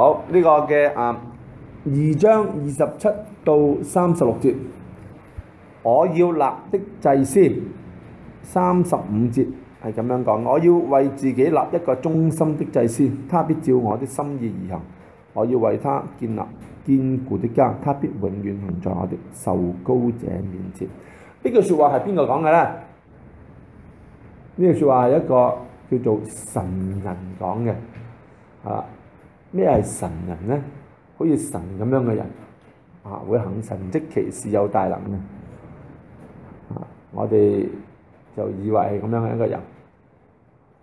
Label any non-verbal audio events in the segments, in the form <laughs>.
好呢個嘅啊，二章二十七到三十六節，我要立的祭司，三十五節係咁樣講，我要為自己立一個忠心的祭司，他必照我的心意而行。我要為他建立堅固的家，他必永遠行在我的受膏者面前。呢句説話係邊個講嘅呢？呢句説話係一個叫做神人講嘅啊。咩係神人呢？好似神咁樣嘅人，啊，會行神蹟奇事有大能嘅，啊，我哋就以為係咁樣嘅一個人。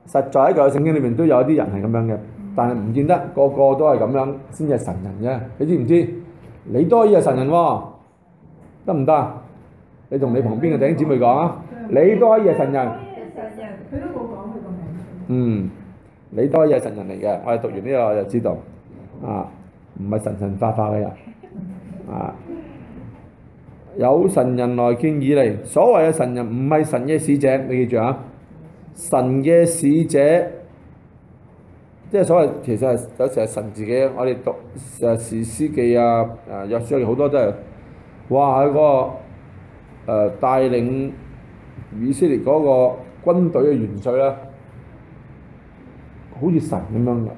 實在喺舊聖經裏面都有啲人係咁樣嘅，但係唔見得個個都係咁樣先至係神人啫，你知唔知？你都可以係神人喎、哦，得唔得？你同你旁邊嘅弟兄姊妹講啊，你都可以係神人。佢都冇講佢咁樣。嗯。你都係有神人嚟嘅，我哋讀完呢個我就知道，啊，唔係神神化化嘅人，啊，有神人來見以利。所謂嘅神人，唔係神嘅使者，你記住啊！神嘅使者，即係所謂其實係有時係神自己。我哋讀誒士師記啊，有約書亞好多都係，哇！喺、那、嗰個誒帶、呃、領以色列嗰個軍隊嘅元帥啦。好似神咁樣嘅，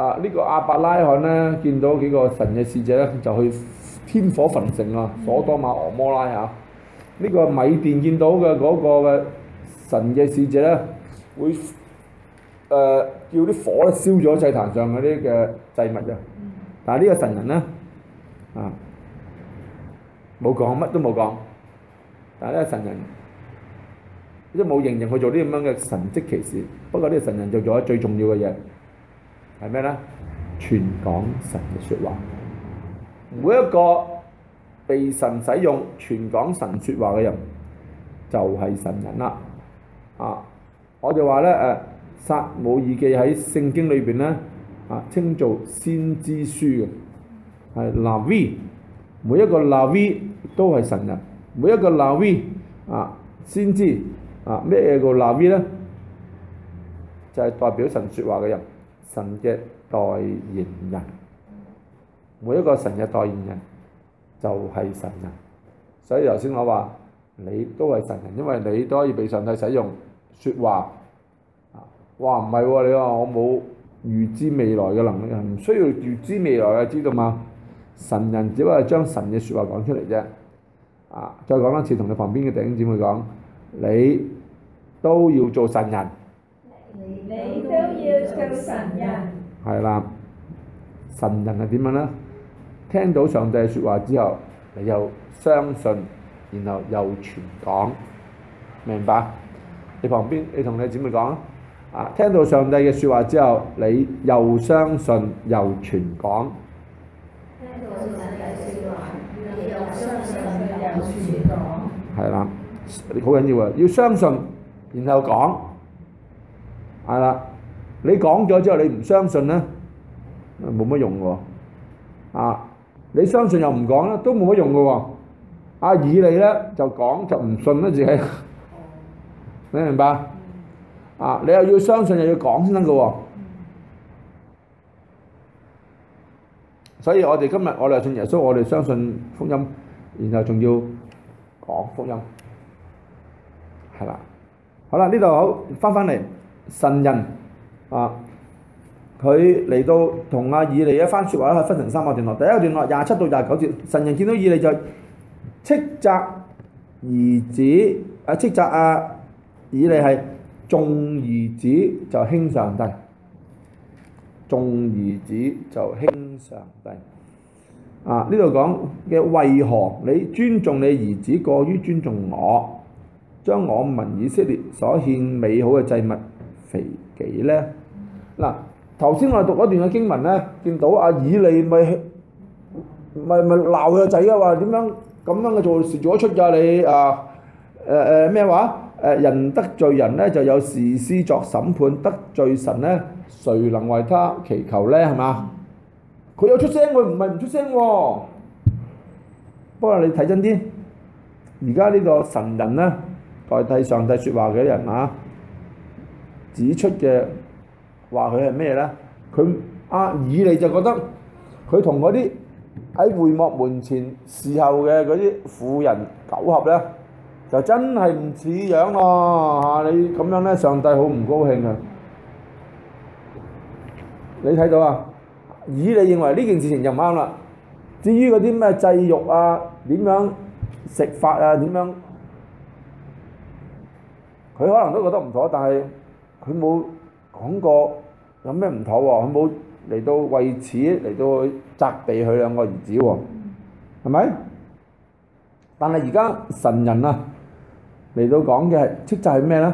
啊呢、呢個亞伯拉罕咧見到幾個神嘅使者咧，就去天火焚城啊，mm hmm. 所多瑪俄摩拉啊，呢、呢個米甸見到嘅嗰個嘅神嘅使者咧，會誒、呃、叫啲火咧燒咗祭壇上嗰啲嘅祭物啊。Mm hmm. 但係呢個神人咧啊，冇講乜都冇講，但係呢個神人即冇認認去做呢咁樣嘅神蹟奇事。不過呢個神人做咗最重要嘅嘢，係咩咧？傳講神嘅説話，每一個被神使用傳講神説話嘅人，就係神人啦。啊，我就話咧誒，撒母耳記喺聖經裏邊咧，啊，稱做先知書嘅，係拿 V，每一個拿 V 都係神人，每一個拿 V 啊先知啊咩嘢個拿 V 咧？就係代表神說話嘅人，神嘅代言人。每一個神嘅代言人就係神人，所以頭先我話你都係神人，因為你都可以被上帝使用說話。啊，哇唔係喎，你話我冇預知未來嘅能力啊？唔需要預知未來嘅，知道嗎？神人只不過係將神嘅説話講出嚟啫。啊，再講多次，同你旁邊嘅弟兄姊妹講，你都要做神人。你都要做神人。係啦，神人係點樣咧？聽到上帝嘅説話之後，你又相信，然後又傳講，明白？你旁邊，你同你姊妹講啊！聽到上帝嘅説話之後，你又相信又傳講，啊。聽到上帝嘅説話，你又相信又傳講。係啦，好緊要啊！要相信，然後講。係啦，你講咗之後你唔相信咧，冇乜用嘅喎。啊，你相信又唔講咧，都冇乜用嘅喎。啊，以你咧就講就唔信咧自己， <laughs> 你明白？啊，你又要相信又要講先得嘅喎。所以我哋今日我哋信耶穌，我哋相信福音，然後仲要講福音，係啦。好啦，呢度好翻翻嚟。神人啊，佢嚟到同阿以利一番説話咧，分成三個段落。第一個段落廿七到廿九節，神人見到以利就斥責兒子啊，斥責阿以利係重兒子就輕上帝，重兒子就輕上帝。啊，呢度講嘅為何你尊重你兒子過於尊重我，將我民以色列所獻美好嘅祭物？肥幾咧？嗱，頭先我讀一段嘅經文咧，見到阿以利咪咪咪鬧佢個仔啊！話點樣咁樣嘅做事做得出㗎你啊？誒誒咩話？誒人得罪人咧，就有士師作審判；得罪神咧，誰能為他祈求咧？係嘛？佢有出聲，佢唔係唔出聲喎。不過你睇真啲，而家呢個神人咧，代替上帝說話嘅人啊！指出嘅話，佢係咩呢？佢、啊、以利就覺得佢同嗰啲喺會幕門前侍候嘅嗰啲婦人苟合呢，就真係唔似樣喎！你咁樣呢，上帝好唔高興啊！你睇到啊？以利認為呢件事情就唔啱啦。至於嗰啲咩祭肉啊、點樣食法啊、點樣，佢可能都覺得唔妥，但係，佢冇講過有咩唔妥喎、啊，佢冇嚟到為此嚟到責備佢兩個兒子喎、啊，係咪、嗯？但係而家神人啊嚟到講嘅係斥責係咩呢？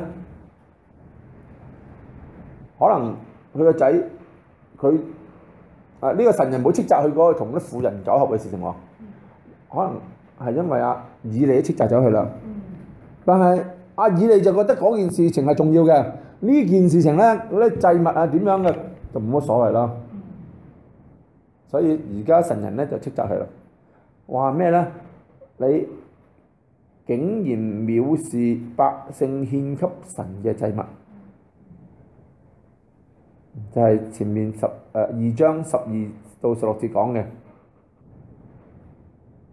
可能佢個仔佢啊呢、這個神人冇斥責去嗰個同啲婦人苟合嘅事情喎、啊，可能係因為阿、啊、以利斥責咗佢啦。嗯、但係阿、啊、以利就覺得嗰件事情係重要嘅。呢件事情呢，嗰啲祭物啊，點樣嘅就冇乜所謂啦。所以而家神人呢，就斥責佢啦，話咩呢？你竟然藐視百姓獻給神嘅祭物，就係、是、前面十、呃、二章十二到十六節講嘅。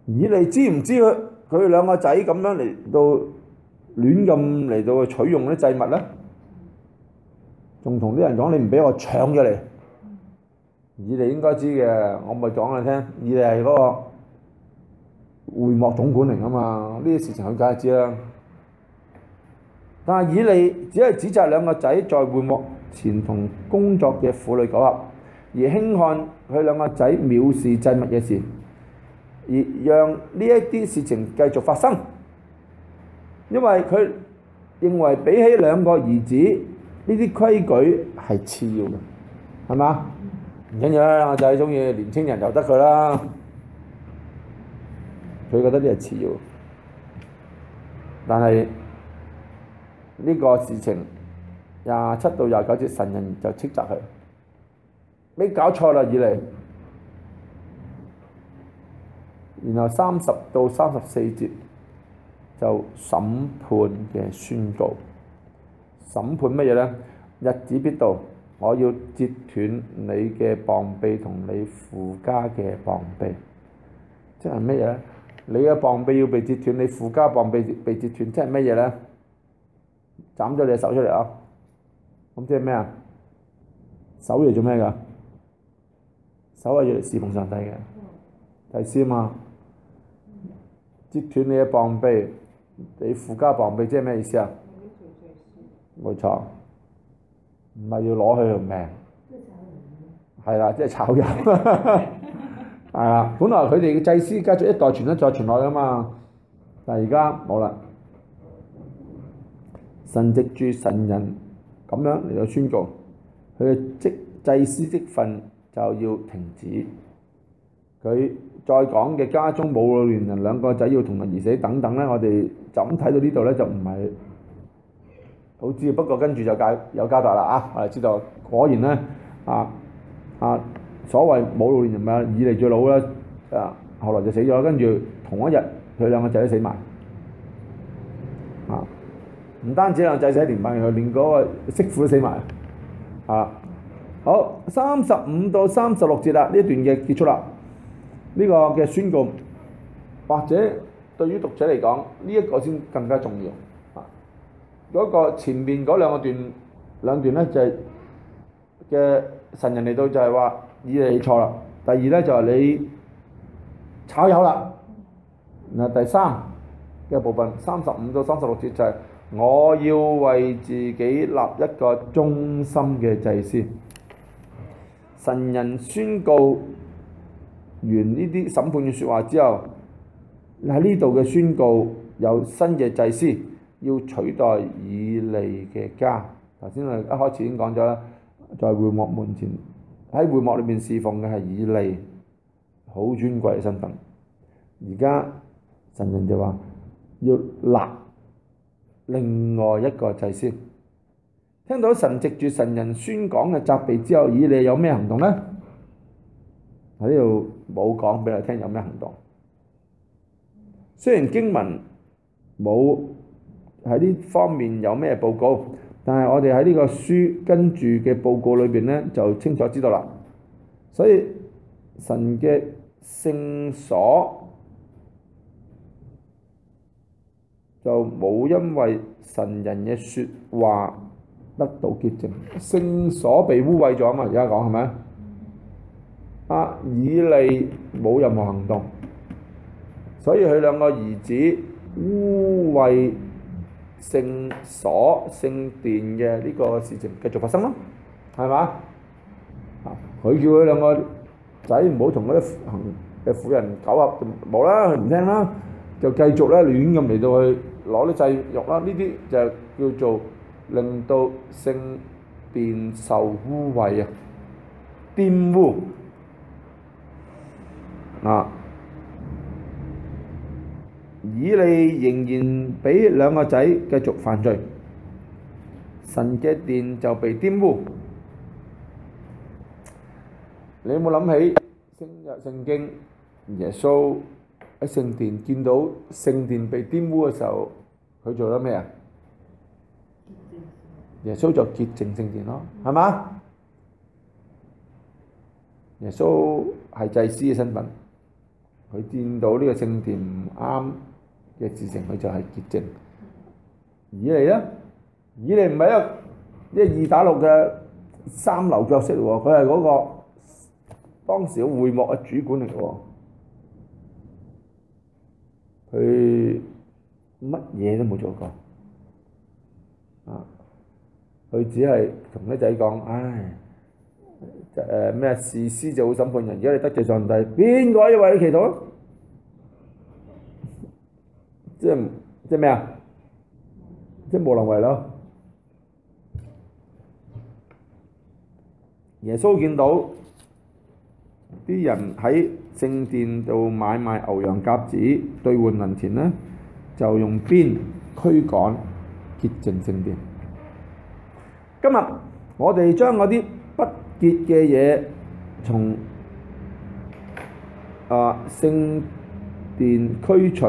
咦你知唔知佢佢兩個仔咁樣嚟到亂咁嚟到去取用啲祭物呢？」仲同啲人講，你唔俾我搶咗你，嗯、以利應該知嘅，我唔係講你聽，以利係嗰個會幕總管嚟噶嘛，呢啲事情佢梗係知啦。但係以利只係指責兩個仔在會幕前同工作嘅婦女苟合，而輕看佢兩個仔藐視祭物嘅事，而讓呢一啲事情繼續發生，因為佢認為比起兩個兒子。呢啲規矩係次要嘅，係嘛？唔緊要啦，我仔中意年青人，由得佢啦。佢覺得呢係次要，但係呢、呢個事情廿七到廿九節，神人就斥責佢，你搞錯啦以嚟，然後三十到三十四節，就審判嘅宣告。審判乜嘢呢？日子必到，我要截斷你嘅膀臂同你父家嘅膀臂，即係乜嘢呢？你嘅膀臂要被截斷，你父家膀臂被截斷，即係乜嘢呢？斬咗你隻手出嚟啊！咁即係咩啊？手係做咩噶？手係嚟侍奉上帝嘅。睇四啊嘛，截斷你嘅膀臂，你父家膀臂，即係咩意思啊？冇錯，唔係要攞佢條命，係啦，即係炒人，係啦、就是。 <laughs> <laughs> 本來佢哋嘅祭司家族一代傳一代傳落去嘛，但係而家冇啦。神藉住神人咁樣嚟到宣告，佢嘅職祭司職份就要停止。佢再講嘅家中冇老年人，兩個仔要同日而死等等咧，我哋就咁睇到呢度咧，就唔係。好知啊，不過跟住就介有交代啦啊。我哋知道，果然呢，啊啊所謂冇老年人啊，以嚟最老啦啊，後來就死咗。跟住同一日，佢兩個仔都死埋啊。唔單止兩個仔死埋連埋，連嗰個媳婦都死埋啊。好，三十五到三十六節啦，呢段嘅結束啦。呢個嘅宣告，或者對於讀者嚟講，呢一個先更加重要。嗰個前面嗰兩個段兩段呢，就係、是、嘅神人嚟到就係話：以你嚟錯啦！第二呢，就係、是、你炒魷啦。嗱第三嘅部分，三十五到三十六節就係、是、我要為自己立一個忠心嘅祭司。神人宣告完呢啲審判嘅説話之後，喺呢度嘅宣告有新嘅祭司。要取代以利嘅家，頭先我哋一開始已經講咗啦，在會幕門前喺會幕裏面侍奉嘅係以利，好尊貴嘅身份。而家神人就話要立另外一個祭司。先，聽到神藉住神人宣講嘅責備之後，以利有咩行動呢？喺呢度冇講俾你聽，有咩行動？雖然經文冇。喺呢方面有咩報告？但係我哋喺呢個書跟住嘅報告裏邊呢，就清楚知道啦。所以神嘅聖所就冇因為神人嘅説話得到潔淨，聖所被污穢咗嘛！而家講係咪啊？以利冇任何行動，所以佢兩個兒子污穢。聖所聖殿嘅呢個事情繼續發生咯，係嘛？啊，佢叫佢兩個仔唔好同嗰啲恆嘅婦人苟合，冇啦，佢唔聽啦，就繼續咧亂咁嚟到去攞啲祭肉啦，呢啲就叫做令到聖殿受污穢啊，玷污啊！以利仍然畀兩個仔繼續犯罪，神嘅殿就被玷污。你有冇諗起聖經？耶穌喺聖殿見到聖殿被玷污嘅時候，佢做咗咩啊？耶穌就潔淨聖殿咯，係嘛？耶穌係祭司嘅身份，佢見到呢個聖殿唔啱嘅事情，佢就係結症。以利咧，以利唔係一個一個二打六嘅三流角色喎，佢係嗰個當時嘅會幕嘅主管嚟喎，佢乜嘢都冇做過啊，佢只係同啲仔講：「唉，誒咩啊？士師就會審判人，如果你得罪上帝，邊個可以為你祈禱？即係咩啊？即係無能為力咯。耶穌見到啲人喺聖殿度買賣牛羊鴿子，兌換銀錢呢，就用鞭驅趕潔淨聖殿。今日我哋將嗰啲不潔嘅嘢從啊聖殿驅除。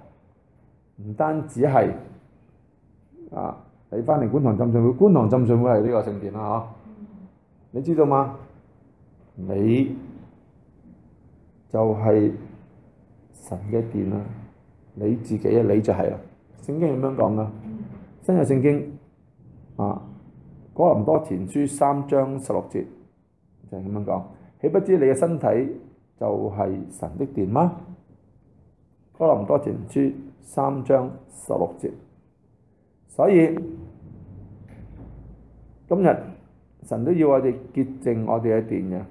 唔單止係啊，你翻嚟觀塘浸信會，觀塘浸信會係呢個聖殿啦，嗬、啊！你知道嗎？你就係神嘅殿啦，你自己啊，你就係啦。聖經係咁樣講噶，新嘅聖經啊，《哥林多前書》三章十六節就係、是、咁樣講，豈不知你嘅身體就係神嘅殿嗎？《哥林多前書》三章十六節，所以今日神都要我哋潔淨我哋嘅殿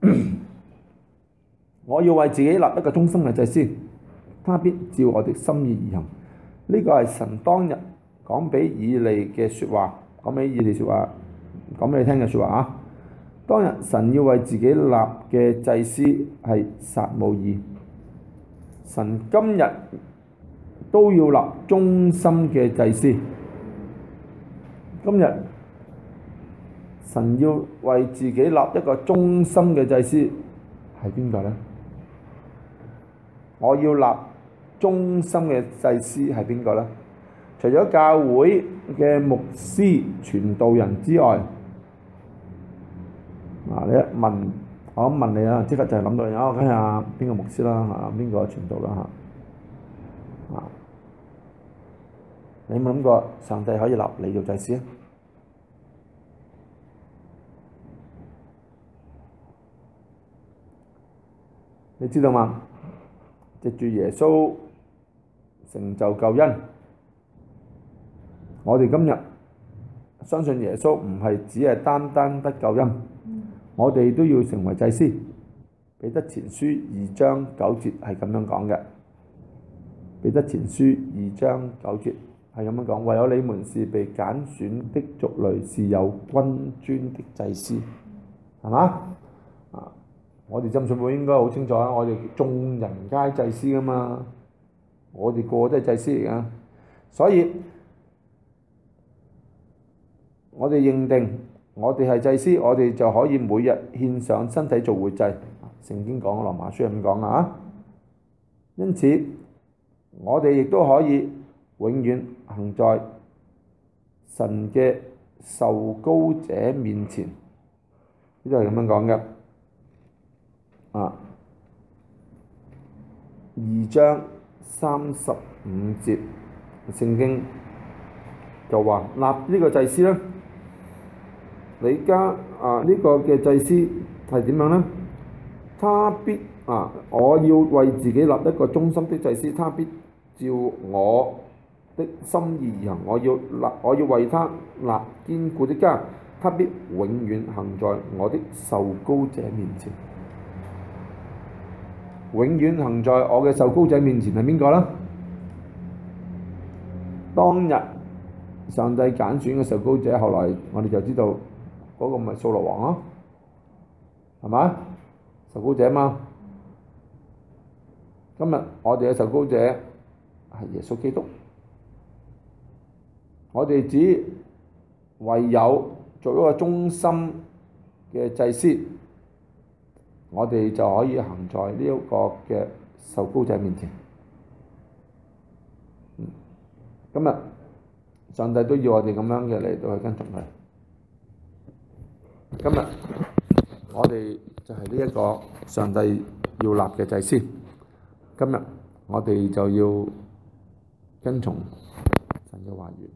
嘅。我要為自己立一個忠心嘅祭司，他必照我的心意而行。呢個係神當日講俾以利嘅説話，講俾以利説話，講俾你聽嘅説話啊！當日神要為自己立嘅祭司係撒母耳，神今日都要立忠心嘅祭司。今日神要為自己立一個忠心嘅祭司，係邊個呢？我要立忠心嘅祭司係邊個呢？除咗教會嘅牧師、傳道人之外。嗱，你一問，我問你啦，即刻就係諗到你，我睇下邊個牧師啦，嚇，邊個傳道啦，嚇。啊，你有冇諗過上帝可以立你做祭司啊？你知道嗎？藉住耶穌成就救恩，我哋今日相信耶穌唔係只係單單得救恩。我哋都要成為祭司。彼得前書二章九節係咁樣講嘅。彼得前書二章九節係咁樣講，唯有你們是被揀選的族類，是有君尊的祭司，係嘛？啊！我哋浸信會應該好清楚啊！我哋眾人皆祭司噶嘛，我哋個個都係祭司嚟噶，所以我哋認定。我哋係祭司，我哋就可以每日獻上身體做活祭。聖經講《羅馬書》係咁講啊，因此我哋亦都可以永遠行在神嘅受膏者面前。呢度係咁樣講嘅，啊，二章三十五節聖經就話立呢個祭司啦。你家啊呢個嘅祭司係點樣呢？他必啊，我要為自己立一個忠心的祭司，他必照我的心意而行。我要立，我要為他立堅固的家，他必永遠行在我的受膏者面前。永遠行在我嘅受膏者面前係邊個呢？當日上帝揀選嘅受膏者，後來我哋就知道。嗰個唔係掃羅王咯，啊，係嘛？受膏者嘛？今日我哋嘅受膏者係耶穌基督，我哋只唯有做一個忠心嘅祭司，我哋就可以行在呢一個嘅受膏者面前。嗯、今日上帝都要我哋咁樣嘅嚟到去跟從佢。今日我哋就係呢一個上帝要立嘅祭司，今日我哋就要跟從神嘅話語。